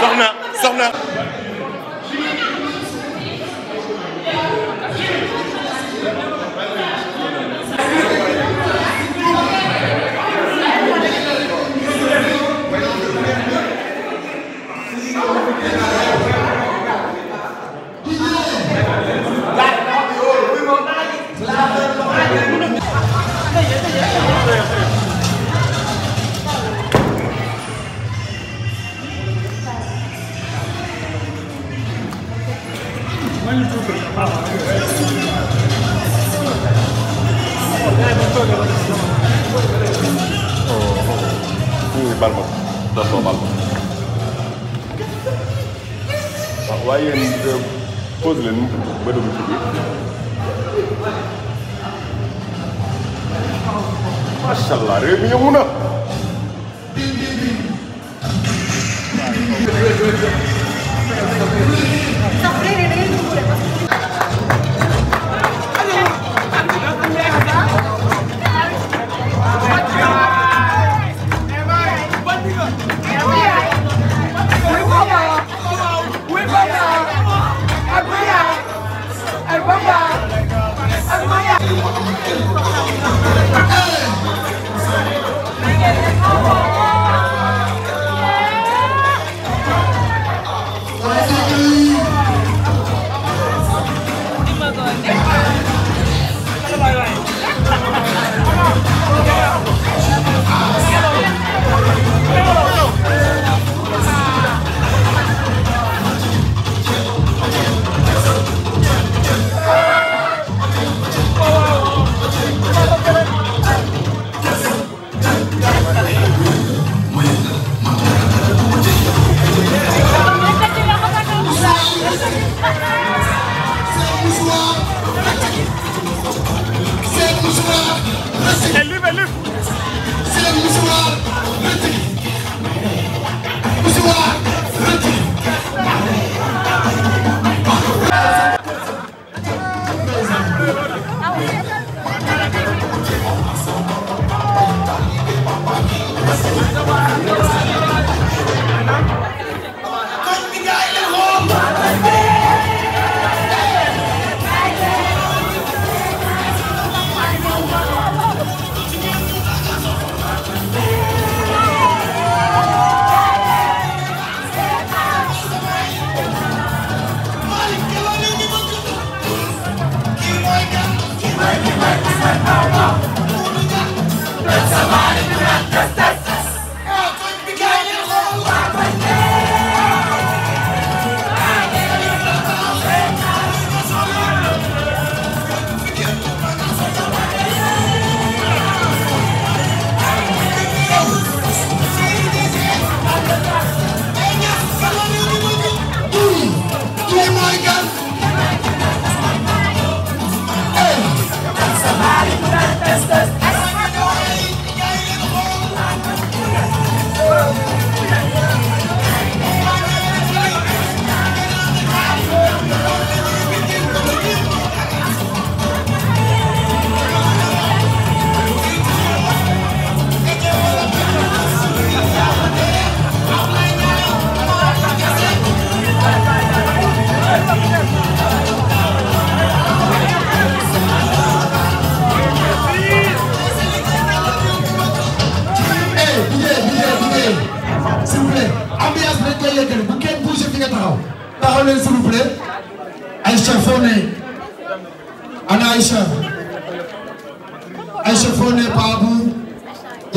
soxna soxna réew mi yëngu na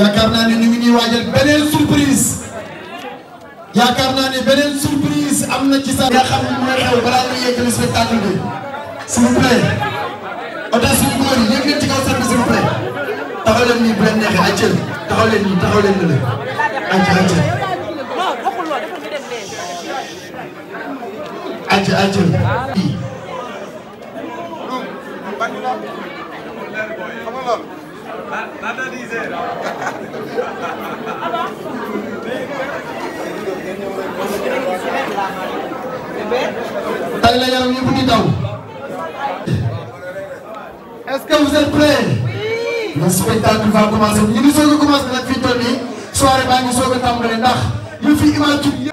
yaakaar naa ne ñu ngi ñuy waajal beneen surprise yaakaar naa ne beneen surprise am na ci sa nga xam ne mooy xew balaa ñuy yeggali spectacle bi s'il vous plaît otage suñu góor yi yëg leen ci kaw sànq s'il vous plaît taxaw leen nii bu leen neexee ay cër taxaw leen nii taxaw leen ne ay cër ay cër ay cër ay cër bii tey la yaram yëpp di daw est-ce que vous êtes prêts. le spectacle va commencer ñu ngi soog a commencer nag fi ñu toll nii soirée baa ngi soog a tàmbale ndax yu fi image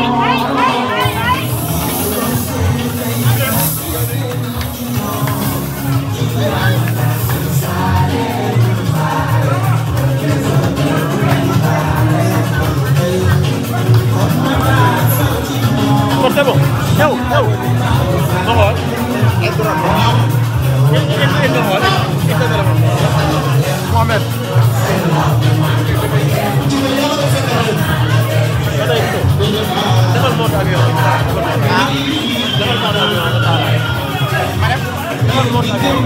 c'est bon yow yow ma xool. Mohamed. defal monte avion defal monte avion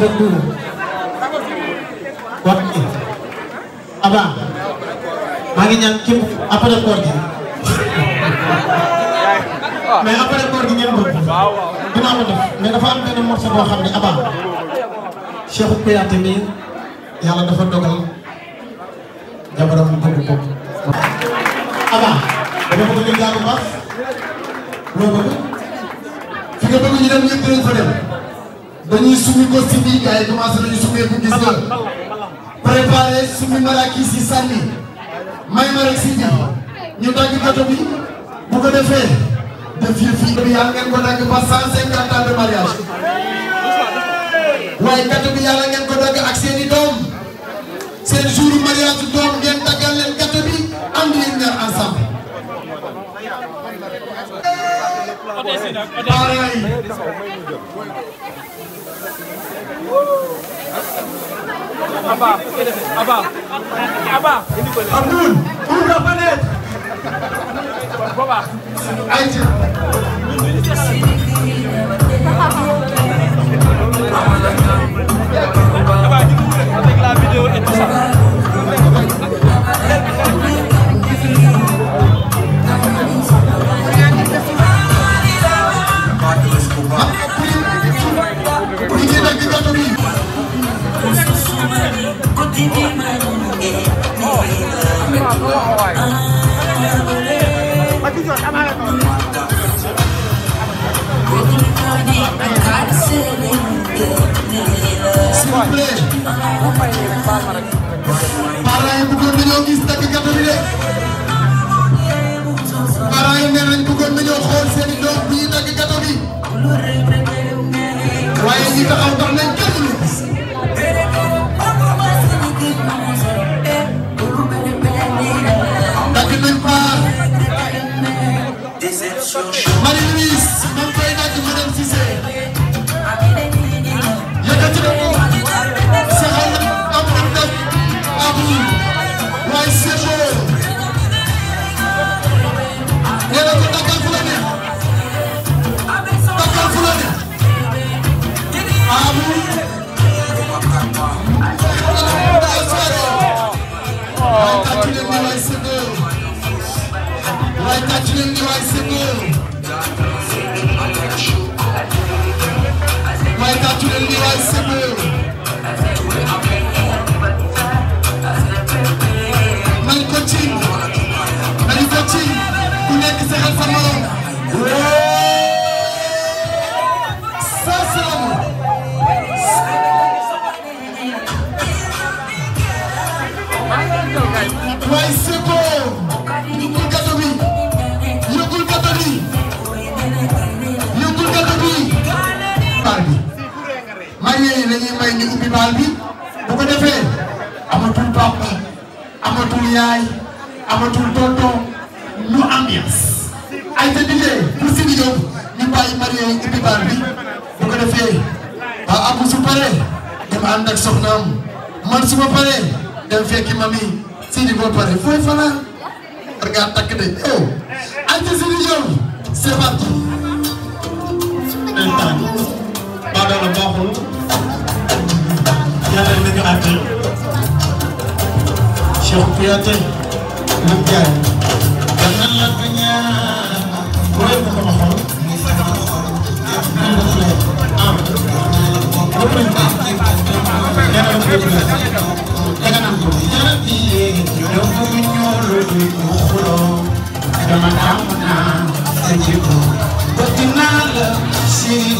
Dulu wax ni Aba maa ngi ñaan képp après am benn morceau boo xam ne Aba Cheikhou Kouyaté mi yàlla dafa dogal jabaram bëgg ko Aba dama bëgg ñu jaaru baax loo bëgg fi nga bëgg dem ñëpp dinañ fa dem dañuy sumi ko si biir gars yi commencé nañu sumee ko préparé sumi maraaki si sànni may ma rek si ñu dagg bato bi ko defee def yëf yi bi yàlla ngeen ko dagg ba cent cinquante ans de mariage waaye bato bi yàlla ngeen ko ak seen i seen jour mariage doom ngeen daggal leen bato am yéen ñaar ensemble. parents Abba Abba Abba Abdoul pour nga fa nekk. Aïcha. Abba avec la vidéo et tout ça. ñu ubbi baal bi bu ko defee amatul a amatul yaay amatul tonton ñu ambiance. ay te dindee pour si biir ñu bàyyi Mario ubbi baal bi bu ko defee ba amu su paree dem ànd ak soxnaam man su ma paree takk de oh ay te si biir c'est parti. baax na baaxul. ñaanal nañu ànd Cheikh Kouyaté Lam Ndiaye. danañ la ko ñaan. wéy na ko ma xool. ah. dama am naa sa jikko. bëgg naa la si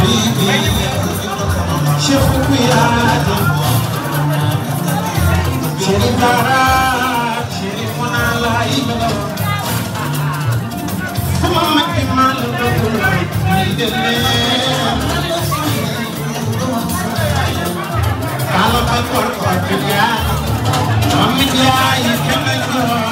بيبي شوفوا يا عالم شريف دارات شريفنا لايب ثم كمال على بطل قتل يا عم جاي كمل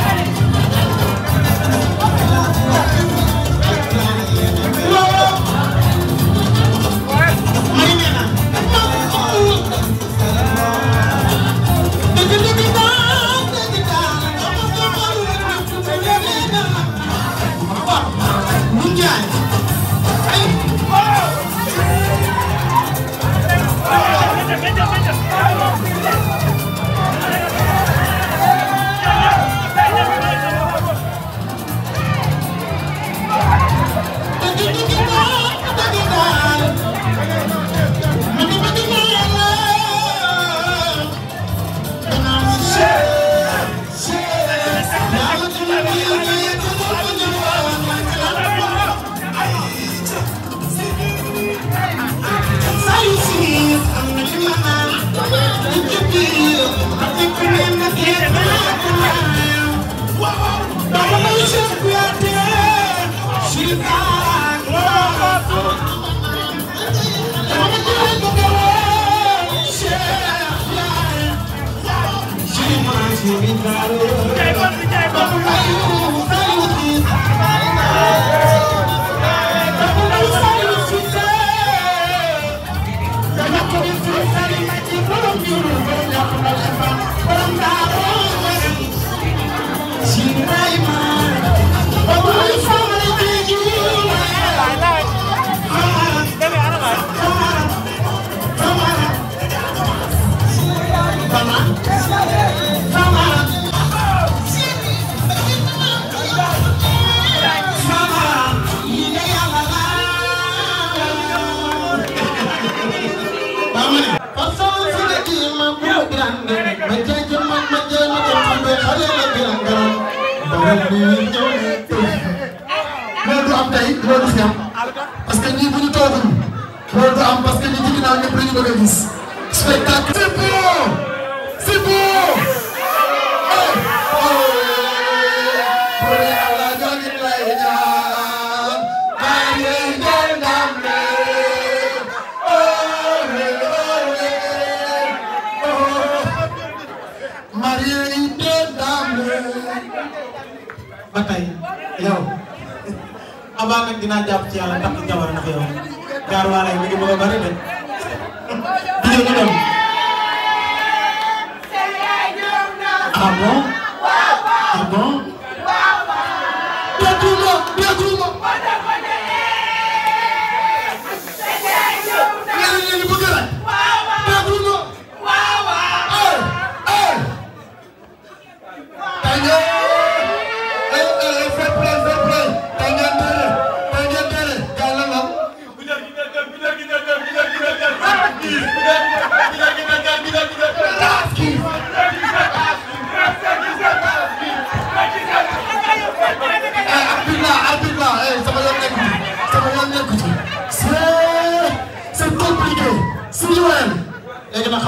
mel nii loolu du am tey loolu du fi am parce que ñii bu ñu toogul loolu du am parce que ñi ci ginnaaw ñëpp dañu bëgg a gis spectacle combat nag dinaa jàpp ci yàlla ndax du jabar ndax yow gaar waa lay mi a bëri de di ñu dem ah bon ah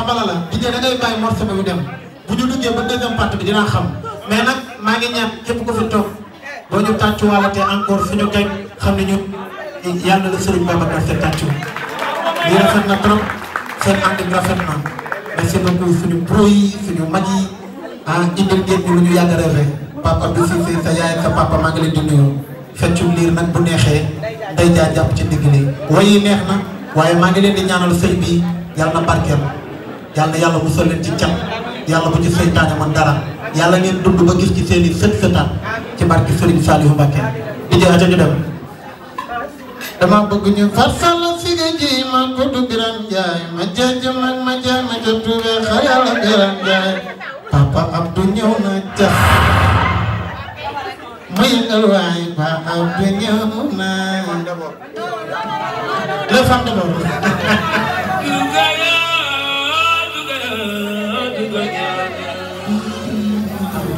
ma bala la di da ngay bàyyi morceau bi dem bu ñu duggee ba deuxième partie bi dinaa xam mais nag maa ngi ñaan képp ko fi toog boo ñu tàccuwaale encore fu ñu gañ xam ne ñu yàlla la Serigne Babacar Sy tàccu lii seen ànd bi rafet na merci beaucoup suñu pro yi suñu mag yi ah indil ngeen ñu lu ñu yàgg rêvé papa bi Cissé sa yaay sa papa maa ngi leen di nuyu feccum liir nag bu neexee day jaa jàpp ci ndigg li way yi neex na waaye maa ngi leen di ñaanal sëy bi yàlla na barkeel yàlla yàlla musal leen ci cat yàlla bu ci seytaane man dara yàlla ngeen dund ba gis ci seen i sët sëtaat ci barke Serigne Saliou Mbacké di jël aca ñu dem dama bëgg ñu farsal si nga ji ma gudd biram jaay mag ma jaay ma jotube jaay papa Abdou ñëw na jax ma yëngal waay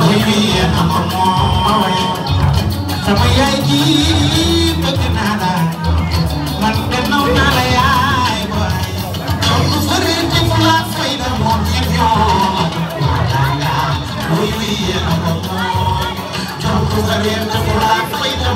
mooy lii yéen a ko moom ma waye sama yaay ji bëgg naa la man de naw naa la yaay waay kon ku fëree ci fula fay la moom ñëpp yoon mooy lii yéen a ko moom kon ku fëree ci fula fay la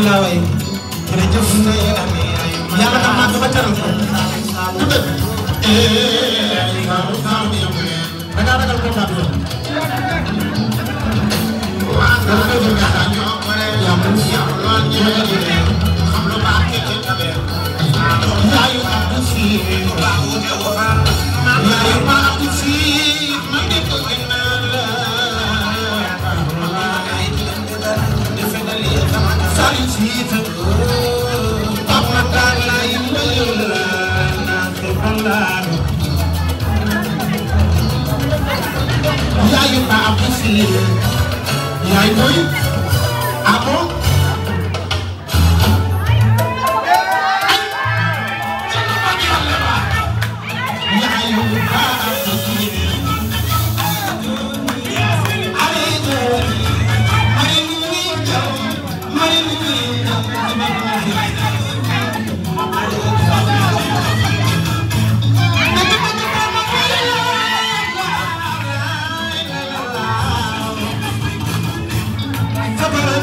bu laa waay jërëjëf yàlla dama dama teral ko du dëgg da ngaa ragal ko daal yoon Thank you. Come on.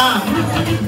Ah.